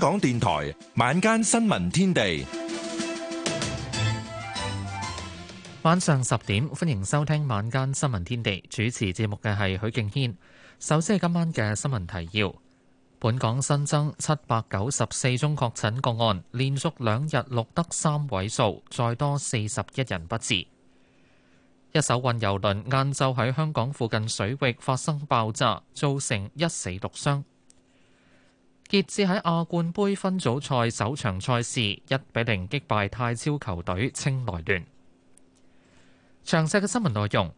港電台晚間新聞天地，晚上十點，歡迎收聽晚間新聞天地。主持節目嘅係許敬軒。首先係今晚嘅新聞提要：本港新增七百九十四宗確診個案，連續兩日錄得三位數，再多四十一人不治。一艘運油輪晏晝喺香港附近水域發生爆炸，造成一死六傷。傑志喺亞冠杯分組賽首場賽事一比零擊敗泰超球隊清萊聯。詳細嘅新聞內容。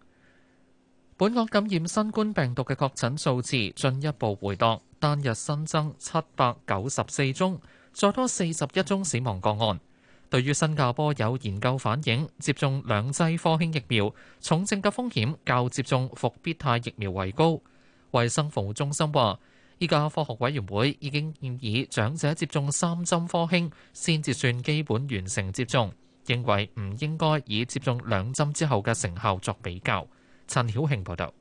本港感染新冠病毒嘅確診數字進一步回落，單日新增七百九十四宗，再多四十一宗死亡個案。對於新加坡有研究反映，接種兩劑科興疫苗，重症嘅風險較接種復必泰疫苗為高。衛生服務中心話。依家科學委員會已經建議長者接種三針科興先至算基本完成接種，認為唔應該以接種兩針之後嘅成效作比較，陳曉慶報道。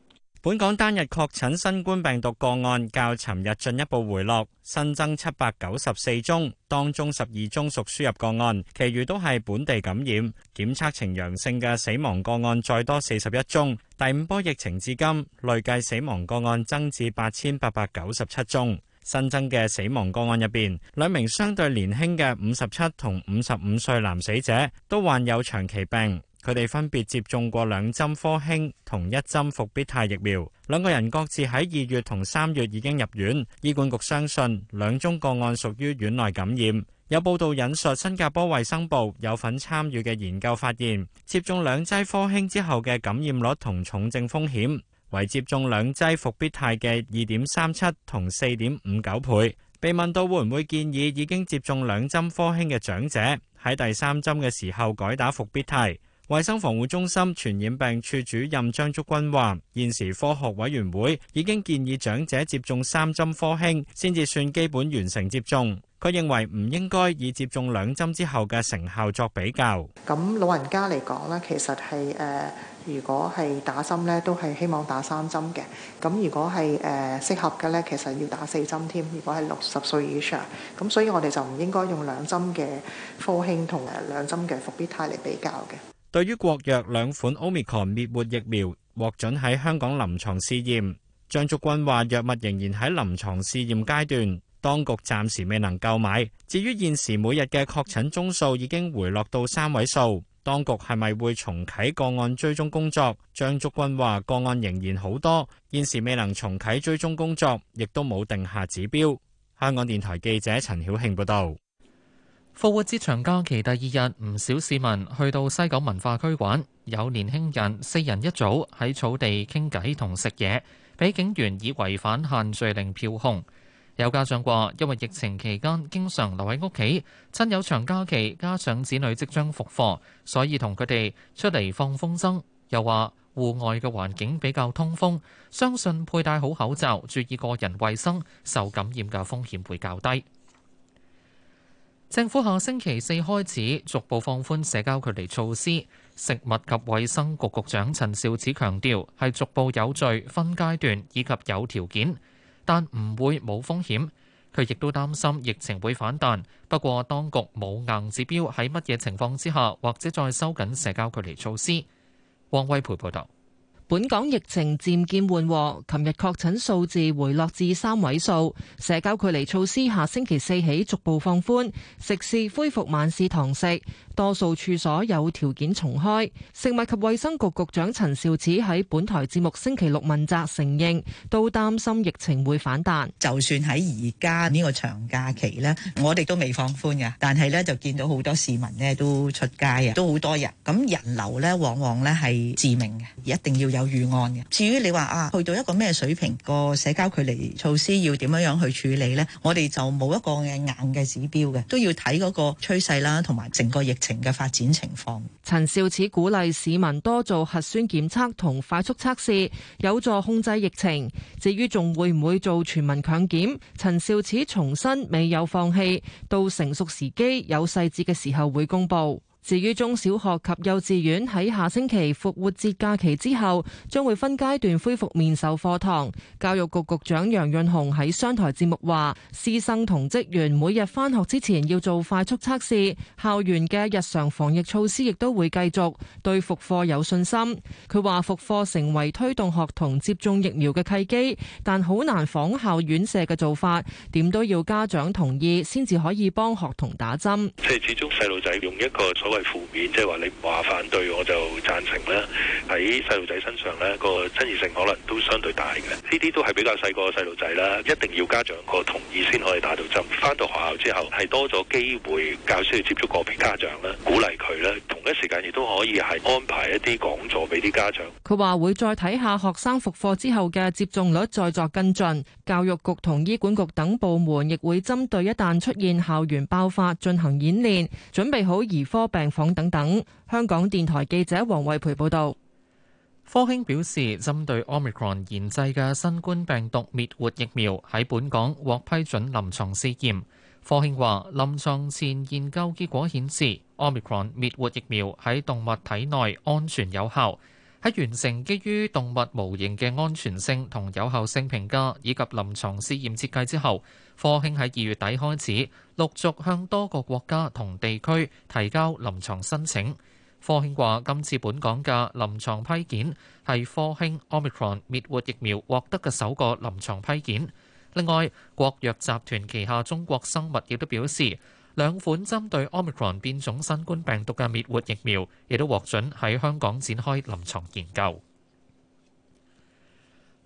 本港單日確診新冠病毒個案較尋日進一步回落，新增七百九十四宗，當中十二宗屬輸入個案，其餘都係本地感染。檢測呈陽性嘅死亡個案再多四十一宗，第五波疫情至今累計死亡個案增至八千八百九十七宗。新增嘅死亡個案入邊，兩名相對年輕嘅五十七同五十五歲男死者都患有長期病。佢哋分別接種過兩針科興同一針復必泰疫苗，兩個人各自喺二月同三月已經入院。醫管局相信兩宗個案屬於院內感染。有報道引述新加坡衞生部有份參與嘅研究發現，接種兩劑科興之後嘅感染率同重症風險為接種兩劑復必泰嘅二點三七同四點五九倍。被問到會唔會建議已經接種兩針科興嘅長者喺第三針嘅時候改打復必泰。衛生防護中心傳染病處主任張竹君話，現時科學委員會已經建議長者接種三針科興，先至算基本完成接種。佢認為唔應該以接種兩針之後嘅成效作比較。咁老人家嚟講咧，其實係誒、呃，如果係打針咧，都係希望打三針嘅。咁如果係誒適合嘅咧，其實要打四針添。如果係六十歲以上，咁所以我哋就唔應該用兩針嘅科興同誒兩針嘅復必泰嚟比較嘅。對於國藥兩款 Omicron 滅活疫苗獲准喺香港臨床試驗，張竹君話：藥物仍然喺臨床試驗階段，當局暫時未能購買。至於現時每日嘅確診宗數已經回落到三位數，當局係咪會重啟個案追蹤工作？張竹君話：個案仍然好多，現時未能重啟追蹤工作，亦都冇定下指標。香港電台記者陳曉慶報道。復活節長假期第二日，唔少市民去到西九文化區玩，有年輕人四人一組喺草地傾偈同食嘢，俾警員以違反限聚令票控。有家長話，因為疫情期間經常留喺屋企，趁有長假期加上子女即將復課，所以同佢哋出嚟放風箏。又話戶外嘅環境比較通風，相信佩戴好口罩、注意個人衛生，受感染嘅風險會較低。政府下星期四開始逐步放寬社交距離措施。食物及衛生局局長陳肇始強調，係逐步有序、分階段以及有條件，但唔會冇風險。佢亦都擔心疫情會反彈，不過當局冇硬指標喺乜嘢情況之下，或者再收緊社交距離措施。王威培報道。本港疫情漸見緩和，琴日確診數字回落至三位數。社交距離措施下星期四起逐步放寬，食肆恢復晚市堂食，多數處所有條件重開。食物及衛生局局長陳肇始喺本台節目星期六問責，承認都擔心疫情會反彈。就算喺而家呢個長假期呢，我哋都未放寬㗎，但係呢，就見到好多市民呢都出街啊，都好多人。咁人流呢，往往呢係致命嘅，一定要有。有預案嘅，至於你話啊，去到一個咩水平，個社交距離措施要點樣樣去處理呢？我哋就冇一個硬嘅指標嘅，都要睇嗰個趨勢啦，同埋整個疫情嘅發展情況。陳肇始鼓勵市民多做核酸檢測同快速測試，有助控制疫情。至於仲會唔會做全民強檢？陳肇始重申未有放棄，到成熟時機有細節嘅時候會公佈。至於中小學及幼稚園喺下星期復活節假期之後，將會分階段恢復面授課堂。教育局局長楊潤雄喺商台節目話：師生同職員每日返學之前要做快速測試，校園嘅日常防疫措施亦都會繼續。對復課有信心。佢話復課成為推動學童接種疫苗嘅契機，但好難仿效院舍嘅做法，點都要家長同意先至可以幫學童打針。即係始終細路仔用一個。所謂負面，即係話你唔話反對，我就贊成啦。喺細路仔身上咧，個爭議性可能都相對大嘅。呢啲都係比較細個細路仔啦，一定要家長個同意先可以打到針。翻到學校之後，係多咗機會教師去接觸個別家長啦，鼓勵佢啦。同一時間亦都可以係安排一啲講座俾啲家長。佢話會再睇下學生復課之後嘅接種率，再作跟進。教育局同醫管局等部門亦會針對一旦出現校園爆發進行演練，準備好兒科病房等等。香港電台記者黃慧培報道。科興表示，針對 Omicron 研製嘅新冠病毒滅活疫苗喺本港獲批准臨床試驗。科興話，臨床前研究結果顯示，Omicron 滅活疫苗喺動物體內安全有效。喺完成基於動物模型嘅安全性同有效性評價以及臨床試驗設計之後，科興喺二月底開始陸續向多個國家同地區提交臨床申請。科興話：今次本港嘅臨床批件係科興 Omicron 滅活疫苗獲得嘅首個臨床批件。另外，國藥集團旗下中國生物亦都表示。兩款針對 Omicron 變種新冠病毒嘅滅活疫苗，亦都獲准喺香港展開臨床研究。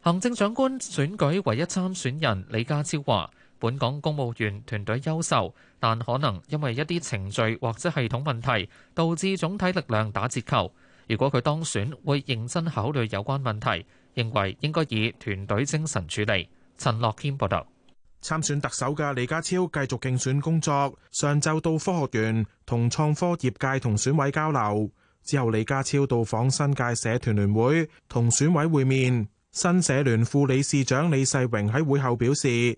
行政長官選舉唯一參選人李家超話，本港公務員團隊優秀，但可能因為一啲程序或者系統問題，導致總體力量打折扣。如果佢當選，會認真考慮有關問題，認為應該以團隊精神處理。陳樂謙報道。參選特首嘅李家超繼續競選工作，上晝到科學園同創科業界同選委交流，之後李家超到訪新界社團聯會同選委會面，新社聯副理事長李世榮喺會後表示。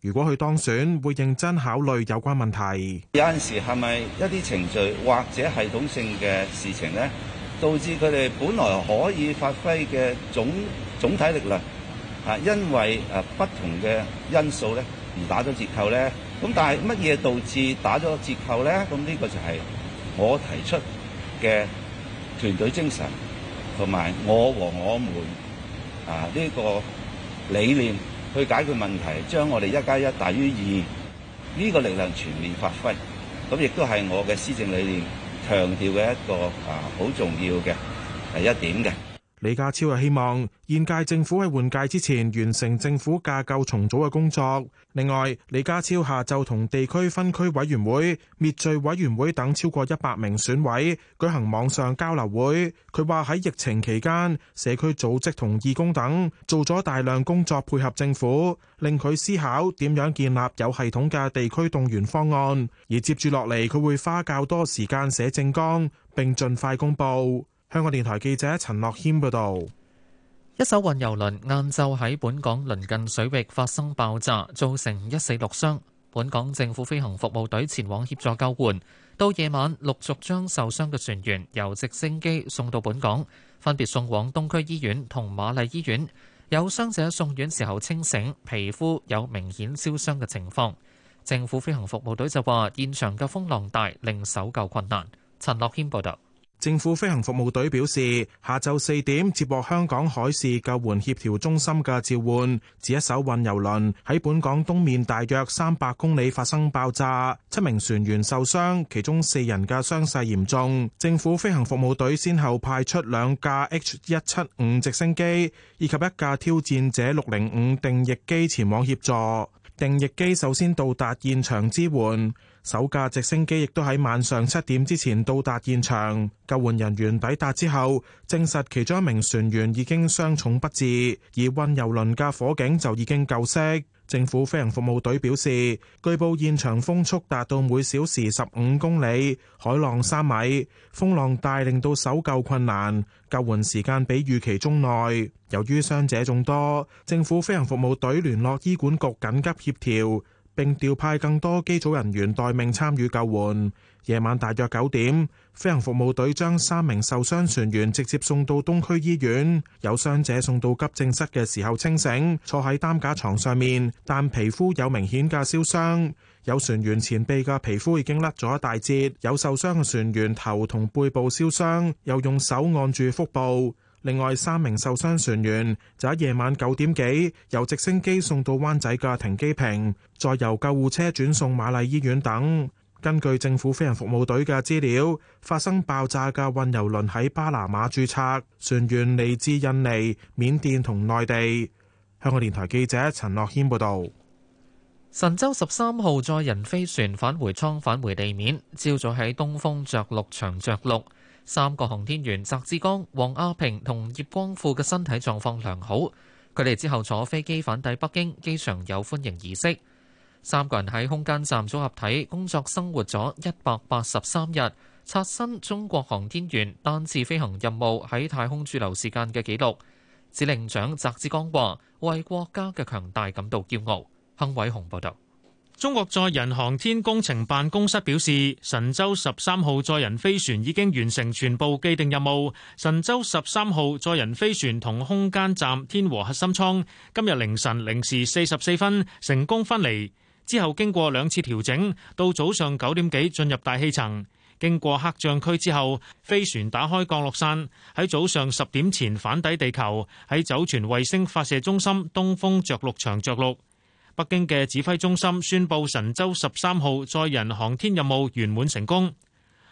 如果佢當選，會認真考慮有關問題。有陣時，係咪一啲程序或者系統性嘅事情咧，導致佢哋本來可以發揮嘅總總體力量啊，因為啊不同嘅因素咧而打咗折扣咧？咁但係乜嘢導致打咗折扣咧？咁呢個就係我提出嘅團隊精神同埋我和我們啊呢個理念。去解決問題，將我哋一加一大於二呢，這個力量全面發揮，咁亦都係我嘅施政理念強調嘅一個啊好重要嘅第一點嘅。李家超係希望現屆政府喺換屆之前完成政府架構重組嘅工作。另外，李家超下晝同地區分區委員會、滅罪委員會等超過一百名選委舉行網上交流會。佢話喺疫情期間，社區組織同義工等做咗大量工作配合政府，令佢思考點樣建立有系統嘅地區動員方案。而接住落嚟，佢會花較多時間寫政綱，並盡快公布。香港電台記者陳樂謙報道：一艘運油輪晏晝喺本港鄰近水域發生爆炸，造成一死六傷。本港政府飛行服務隊前往協助救援，到夜晚陸續將受傷嘅船員由直升機送到本港，分別送往東區醫院同瑪麗醫院。有傷者送院時候清醒，皮膚有明顯燒傷嘅情況。政府飛行服務隊就話，現場嘅風浪大，令搜救困難。陳樂謙報道。政府飛行服務隊表示，下晝四點接獲香港海事救援協調中心嘅召喚，指一艘運油輪喺本港東面大約三百公里發生爆炸，七名船員受傷，其中四人嘅傷勢嚴重。政府飛行服務隊先後派出兩架 H 一七五直升機以及一架挑戰者六零五定翼機前往協助，定翼機首先到達現場支援。首架直升機亦都喺晚上七點之前到達現場，救援人員抵達之後，證實其中一名船員已經傷重不治，而運油輪架火警就已經救熄。政府飛行服務隊表示，據報現場風速達到每小時十五公里，海浪三米，風浪大令到搜救困難，救援時間比預期中耐。由於傷者眾多，政府飛行服務隊聯絡醫管局緊急協調。並調派更多機組人員待命參與救援。夜晚大約九點，飛行服務隊將三名受傷船員直接送到東區醫院。有傷者送到急症室嘅時候清醒，坐喺擔架床上面，但皮膚有明顯嘅燒傷。有船員前臂嘅皮膚已經甩咗一大截。有受傷嘅船員頭同背部燒傷，又用手按住腹部。另外三名受傷船員就喺夜晚九點幾由直升機送到灣仔嘅停機坪，再由救護車轉送瑪麗醫院等。根據政府飛行服務隊嘅資料，發生爆炸嘅運油輪喺巴拿馬注冊，船員嚟自印尼、緬甸同內地。香港電台記者陳樂謙報道。神舟十三號載人飛船返回艙返回地面，朝早喺東風着陸場着陸。三個航天員翟志剛、王亞平同葉光富嘅身體狀況良好。佢哋之後坐飛機返抵北京，機場有歡迎儀式。三個人喺空間站組合體工作生活咗一百八十三日，刷新中國航天員單次飛行任務喺太空駐留時間嘅紀錄。指令長翟志剛話：為國家嘅強大感到驕傲。亨偉雄報道。中國載人航天工程辦公室表示，神舟十三號載人飛船已經完成全部既定任務。神舟十三號載人飛船同空間站天和核心艙今日凌晨零時四十四分成功分離，之後經過兩次調整，到早上九點幾進入大氣層。經過黑障區之後，飛船打開降落傘，喺早上十點前返抵地球，喺酒泉衛星發射中心東風着陸場着陸。北京嘅指揮中心宣布，神舟十三號載人航天任務圓滿成功。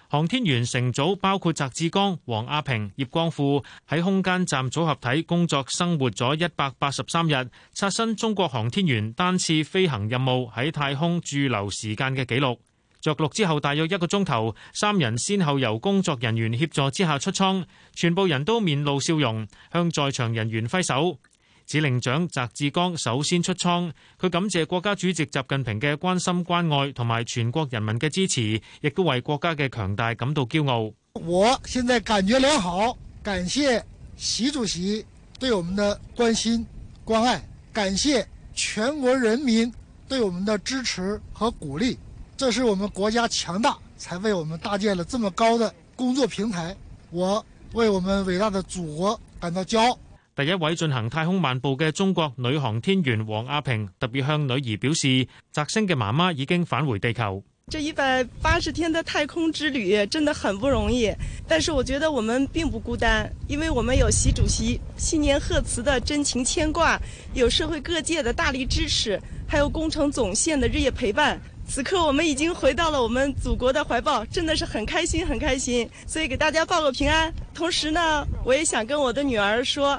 航天員乘組包括翟志剛、王亞平、葉光富，喺空間站組合體工作生活咗一百八十三日，刷新中國航天員單次飛行任務喺太空駐留時間嘅記錄。着陸之後大約一個鐘頭，三人先後由工作人員協助之下出艙，全部人都面露笑容，向在場人員揮手。指令長翟志剛首先出艙，佢感謝國家主席習近平嘅關心關愛同埋全國人民嘅支持，亦都為國家嘅強大感到驕傲。我現在感覺良好，感謝習主席對我們的關心關愛，感謝全國人民對我們的支持和鼓勵。這是我們國家強大，才為我們搭建了這麼高的工作平台。我為我們偉大的祖國感到驕傲。第一位進行太空漫步嘅中國女航天員王亞平特別向女兒表示：摘星嘅媽媽已經返回地球。這一百八十天的太空之旅真的很不容易，但是我覺得我們並不孤單，因為我們有習主席新年賀詞的真情牽掛，有社會各界的大力支持，還有工程總線的日夜陪伴。此刻我們已經回到了我們祖國的懷抱，真的是很開心很開心。所以給大家報個平安，同時呢，我也想跟我的女兒說。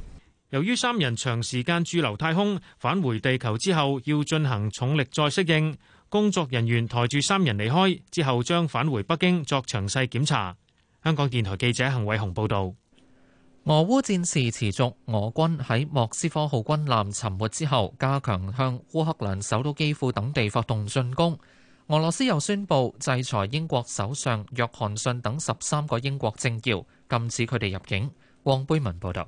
由於三人長時間駐留太空，返回地球之後要進行重力再適應，工作人員抬住三人離開，之後將返回北京作詳細檢查。香港電台記者幸偉雄報導。俄烏戰事持續，俄軍喺莫斯科號軍艦沉沒之後，加強向烏克蘭首都基輔等地發動進攻。俄羅斯又宣布制裁英國首相約翰遜等十三個英國政要，禁止佢哋入境。黃貝文報道。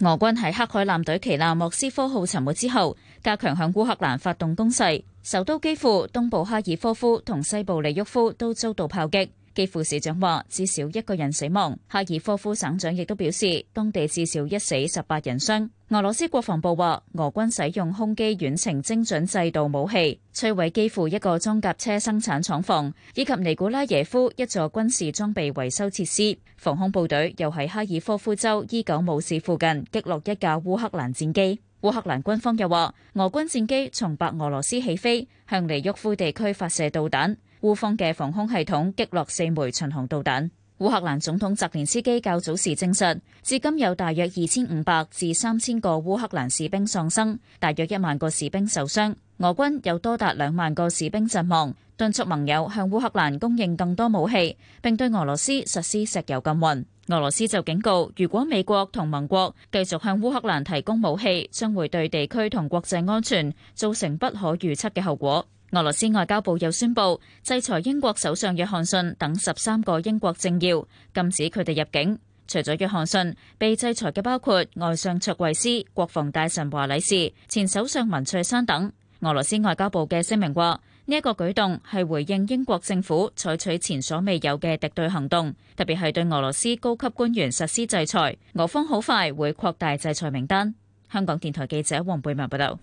俄軍喺黑海艦隊旗艦莫斯科號沉沒之後，加強向烏克蘭發動攻勢，首都基輔、東部哈爾科夫同西部利沃夫都遭到炮擊。基輔市長話至少一個人死亡，哈爾科夫省長亦都表示當地至少一死十八人傷。俄羅斯國防部話俄軍使用空基遠程精準制導武器摧毀基輔一個裝甲車生產廠房，以及尼古拉耶夫一座軍事裝備維修設施。防空部隊又喺哈爾科夫州伊久姆市附近擊落一架烏克蘭戰機。烏克蘭軍方又話俄軍戰機從白俄羅斯起飛向尼沃夫地區發射導彈。烏方嘅防空系統擊落四枚巡航導彈。烏克蘭總統澤連斯基較早時證實，至今有大約二千五百至三千個烏克蘭士兵喪生，大約一萬個士兵受傷。俄軍有多達兩萬個士兵陣亡。敦促盟友向烏克蘭供應更多武器，並對俄羅斯實施石油禁運。俄羅斯就警告，如果美國同盟國繼續向烏克蘭提供武器，將會對地區同國際安全造成不可預測嘅後果。俄羅斯外交部又宣布制裁英國首相約翰遜等十三個英國政要，禁止佢哋入境。除咗約翰遜，被制裁嘅包括外相卓慧思、國防大臣華禮士、前首相文翠珊等。俄羅斯外交部嘅聲明話：呢一個舉動係回應英國政府採取前所未有嘅敵對行動，特別係對俄羅斯高級官員實施制裁。俄方好快會擴大制裁名單。香港電台記者黃貝文報道。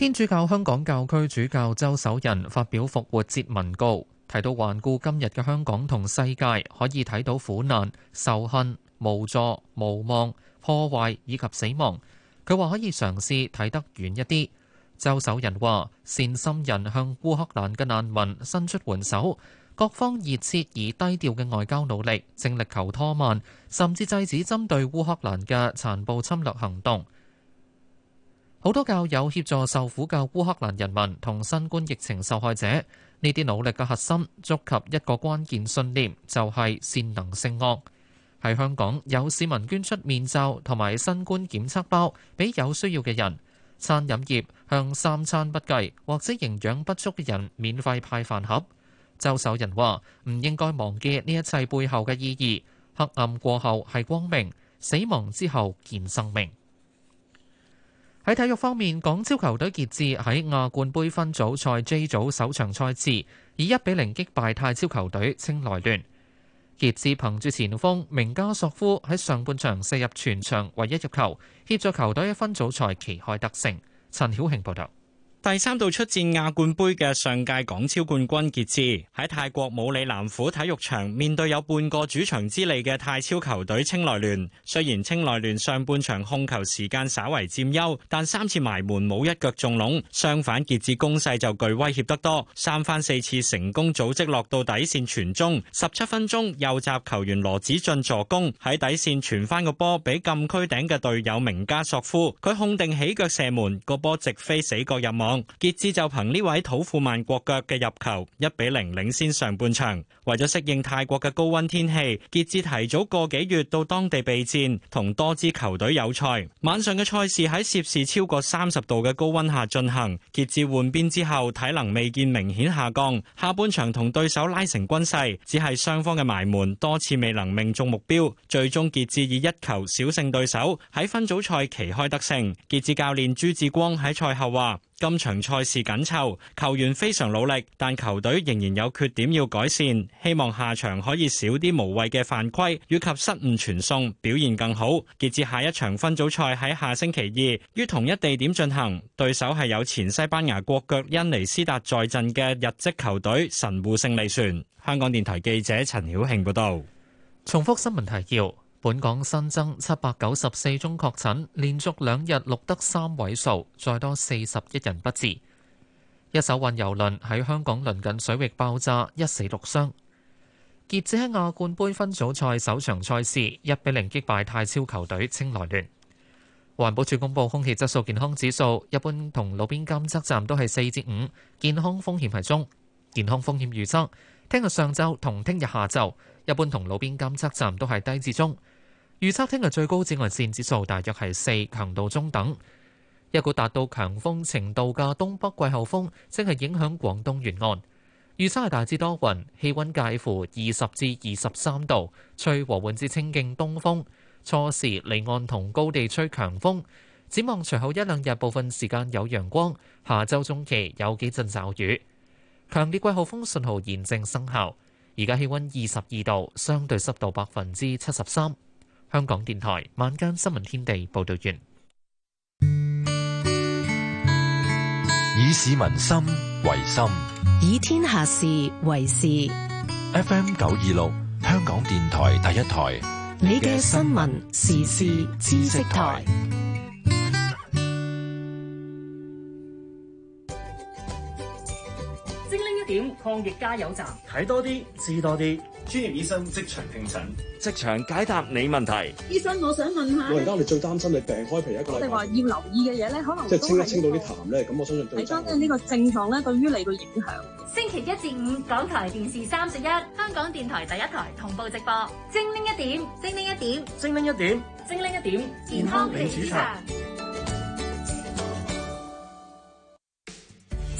天主教香港教區主教周守仁發表復活節文告，提到環顧今日嘅香港同世界，可以睇到苦難、仇恨、無助、無望、破壞以及死亡。佢話可以嘗試睇得遠一啲。周守仁話：善心人向烏克蘭嘅難民伸出援手，各方熱切而低調嘅外交努力，正力求拖慢甚至制止針對烏克蘭嘅殘暴侵略行動。好多教友協助受苦嘅烏克蘭人民同新冠疫情受害者，呢啲努力嘅核心，觸及一個關鍵信念，就係「善能勝惡」。喺香港，有市民捐出面罩同埋新冠檢測包俾有需要嘅人，餐飲業向三餐不繼或者營養不足嘅人免費派飯盒。周守仁話：唔應該忘記呢一切背後嘅意義，黑暗過後係光明，死亡之後見生命。喺體育方面，港超球隊傑志喺亞冠杯分組賽 J 組首場賽事以一比零擊敗泰超球隊清萊聯。傑志憑住前鋒明加索夫喺上半場射入全場唯一入球，協助球隊分組賽旗開得勝。陳曉慶報道。第三度出戰亞冠杯嘅上屆港超冠軍傑志，喺泰國武里南府體育場面對有半個主場之利嘅泰超球隊清萊聯。雖然清萊聯上半場控球時間稍為佔優，但三次埋門冇一腳中籠。相反，傑志攻勢就具威脅得多，三番四次成功組織落到底線傳中。十七分鐘，右閘球員羅子進助攻，喺底線傳翻個波俾禁區頂嘅隊友名家索夫，佢控定起腳射門，個波直飛死角入網。傑志就憑呢位土庫曼國腳嘅入球，一比零領先上半場。為咗適應泰國嘅高溫天氣，傑志提早個幾月到當地備戰，同多支球隊友賽。晚上嘅賽事喺攝氏超過三十度嘅高溫下進行。傑志換邊之後，體能未見明顯下降。下半場同對手拉成均勢，只係雙方嘅埋門多次未能命中目標，最終傑志以一球小勝對手，喺分組賽旗開得勝。傑志教練朱志光喺賽後話。今場賽事緊湊，球員非常努力，但球隊仍然有缺點要改善。希望下場可以少啲無謂嘅犯規與及失誤傳送，表現更好。截至下一場分組賽喺下星期二於同一地點進行，對手係有前西班牙國腳恩尼斯達在陣嘅日籍球隊神戶勝利船。香港電台記者陳曉慶報道。重複新聞提要。本港新增七百九十四宗確診，連續兩日錄得三位數，再多四十一人不治。一艘運油輪喺香港鄰近水域爆炸，一死六傷。傑志喺亞冠杯分組賽首場賽事，一比零擊敗泰超球隊清萊聯。環保署公布空氣質素健康指數，一般同路邊監測站都係四至五，5，健康風險係中。健康風險預測，聽日上晝同聽日下晝。一般同路邊監測站都係低至中，預測聽日最高紫外線指數大約係四，強度中等。一股達到強風程度嘅東北季候風正係影響廣東沿岸，預測係大致多雲，氣溫介乎二十至二十三度，吹和緩至清勁東風，初時離岸同高地吹強風，展望隨後一兩日部分時間有陽光，下周中期有幾陣驟雨，強烈季候風信號現正生效。而家氣溫二十二度，相對濕度百分之七十三。香港電台晚間新聞天地報道完。以市民心為心，以天下事為事。FM 九二六，香港電台第一台，你嘅新聞時事知識台。抗疫加油站，睇多啲，知多啲。專業醫生即場聽診，即場解答你問題。醫生，我想問下，我而家你最擔心你病開皮一個禮拜，話要留意嘅嘢咧，可能即係清一清到啲痰咧。咁我相信對，你而家呢個症狀咧，對於你個影響。星期一至五港台電視三十一，香港電台第一台同步直播。精靈一點，精靈一點，精靈一點，精靈一點，健康電子茶。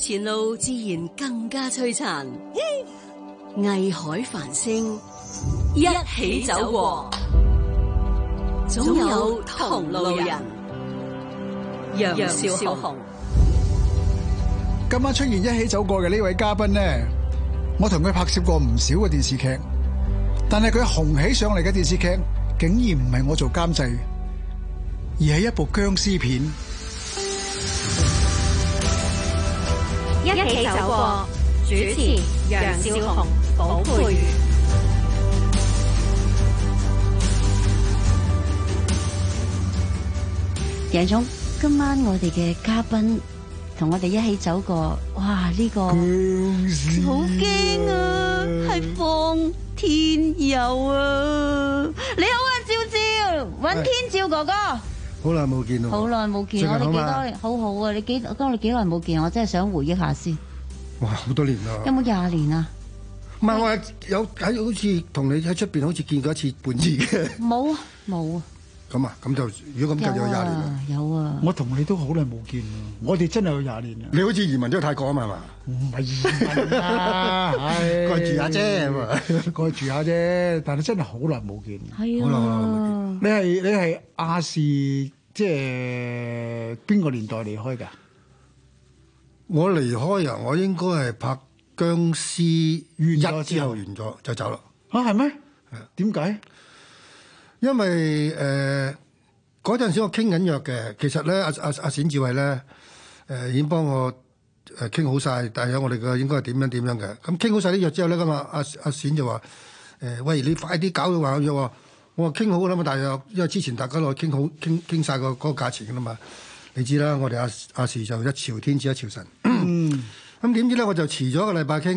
前路自然更加璀璨，藝 海繁星一起走過，總有同路人。楊少紅，今晚出現一起走過嘅呢位嘉賓咧，我同佢拍攝過唔少嘅電視劇，但係佢紅起上嚟嘅電視劇，竟然唔係我做監製，而係一部僵屍片。一起走過，主持楊兆雄、寶佩如。楊總，今晚我哋嘅嘉賓同我哋一起走過，哇！呢、這個好驚啊，係放天有啊！你好啊，照照，尹天照哥哥。好耐冇見咯！好耐冇見，我哋幾多年，好好啊！你幾剛才幾耐冇見？我真係想回憶下先。哇！好多年啦～有冇廿年啊？唔係你，我有有喺好似同你喺出邊好似見過一次半次嘅。冇 啊！冇啊！咁啊，咁就如果咁計，有廿年啦。有啊， 我同你都好耐冇見喎。我哋真係有廿年啦。你好似移民咗去泰國啊嘛，係嘛？唔係移民啊，係過去住下啫，過去住下啫。但係真係好耐冇見，好耐冇見。你係你係亞視，即係邊個年代離開㗎？我離開啊！我應該係拍《僵屍完咗之後，完咗就走啦。啊，係咩？點解？ 因為誒陣、呃、時我傾緊藥嘅，其實咧，阿阿阿冼志偉咧，誒已經幫我誒，傾好晒大約我哋嘅應該係點樣點樣嘅。咁傾好晒啲藥之後咧，咁啊，阿阿冼就話誒、呃、喂，你快啲搞佢話嘅藥，我話傾好啦嘛，大約因為之前大家都去傾好傾傾晒個個價錢錢嘅嘛。你知啦，我哋阿阿時就一朝天子一朝臣咁點、 啊、知咧，我就遲咗一個禮拜傾。